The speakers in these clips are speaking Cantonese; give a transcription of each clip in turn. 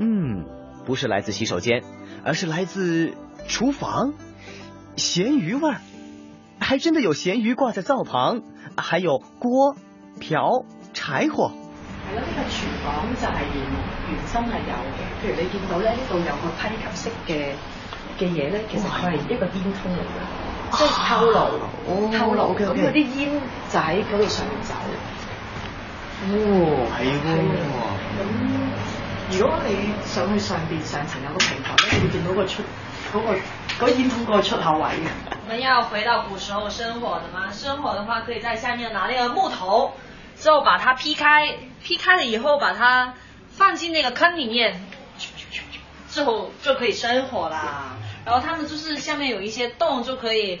嗯，不是來自洗手間，而是來自廚房，鹹魚味兒，還真的有鹹魚掛在灶旁，還有鍋、瓢、柴火。係咯，呢個廚房就係原，原生係有嘅。譬如你見到咧呢度、這個、有個批級式嘅嘅嘢咧，其實佢係一個通、oh、my，就係煙囪嚟嘅，即係透爐透爐。咁嗰啲煙就喺嗰度上面走。哦，係喎。如果你想去上邊上層，有個平台，你會見到個出那個嗰，那個、煙筒出口位。我們要回到古時候生活的嗎？生活的話可以在下面拿那個木頭，之後把它劈開，劈開了以後把它放進那個坑裏面，之後就可以生火啦。然後它們就是下面有一些洞就可以。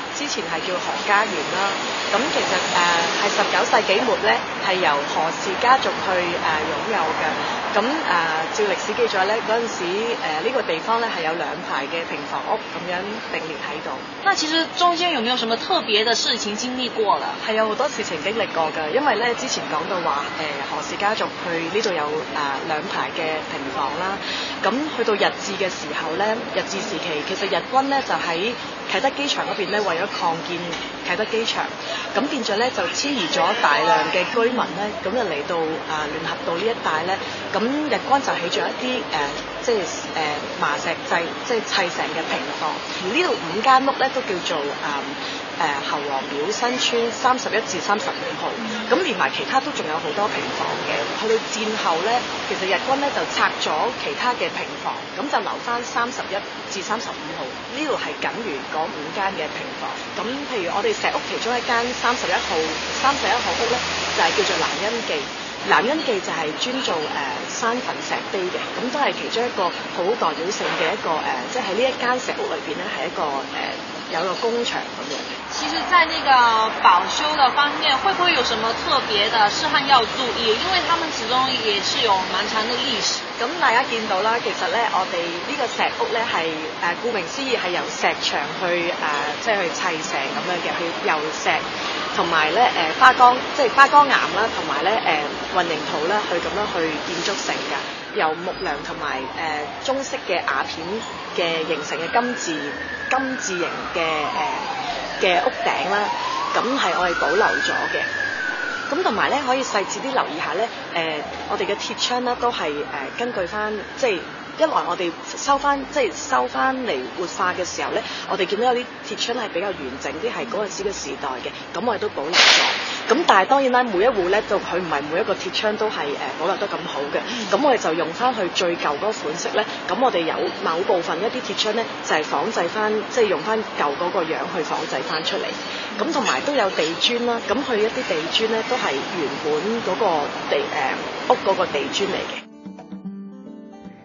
之前係叫何家園啦，咁其實誒係十九世紀末咧，係由何氏家族去誒、呃、擁有嘅。咁誒、呃、照歷史記載咧，嗰陣時呢、呃呢個地方咧係有兩排嘅平房屋咁樣並列喺度。那其實中間有沒有什麼特別嘅事情經歷過啦？係有好多事情經歷過㗎，因為咧之前講到話誒、呃、何氏家族去呢度有誒、呃、兩排嘅平房啦。咁去到日治嘅時候咧，日治時期其實日軍咧就喺、是啟德機場嗰邊咧，為咗擴建啟德機場，咁變咗咧就遷移咗大量嘅居民咧，咁就嚟到啊、呃、聯合道呢一帶咧，咁日軍就起咗一啲誒，即係誒麻石製，即、就、係、是就是、砌成嘅平房，而呢度五間屋咧都叫做、呃誒、呃、侯王廟新村三十一至三十五號，咁連埋其他都仲有好多平房嘅。佢哋戰後咧，其實日軍咧就拆咗其他嘅平房，咁就留翻三十一至三十五號呢度係僅餘嗰五間嘅平房。咁譬如我哋石屋其中一間三十一號、三十一號屋咧，就係叫做南恩記。南恩記就係專做誒山墳石碑嘅，咁都係其中一個好代表性嘅一個誒，即係喺呢一間石屋裏邊咧，係一個誒、呃、有一個工場咁樣。其實，在那個保修的方面，會不會有什麼特別的事項要注意？因為他們始終也是有蠻長嘅歷史。咁大家見到啦，其實咧，我哋呢個石屋咧係誒，顧名思義係由石牆去誒、呃，即係去砌石，咁樣嘅，去由石同埋咧誒花崗，即係花崗岩啦，同埋咧誒混凝土啦去咁樣去建築成嘅，由木樑同埋誒中式嘅瓦片嘅形成嘅金字金字形嘅誒。呃嘅屋頂啦，咁係我哋保留咗嘅。咁同埋咧，可以細緻啲留意下咧，呃，我哋嘅鐵窗咧都係，呃，根據翻，即係一來我哋收翻，即係收翻嚟活化嘅時候咧，我哋見到有啲鐵窗係比較完整啲，係嗰陣時嘅時代嘅，咁我哋都保留咗。咁但係當然啦，每一戶咧，就佢唔係每一個鐵窗都係誒保留得咁好嘅。咁我哋就用翻佢最舊嗰個款式咧。咁我哋有某部分一啲鐵窗咧，就係仿製翻，即係用翻舊嗰個樣去仿製翻出嚟。咁同埋都有地磚啦。咁佢一啲地磚咧，都係原本嗰個地、呃、屋嗰個地磚嚟嘅。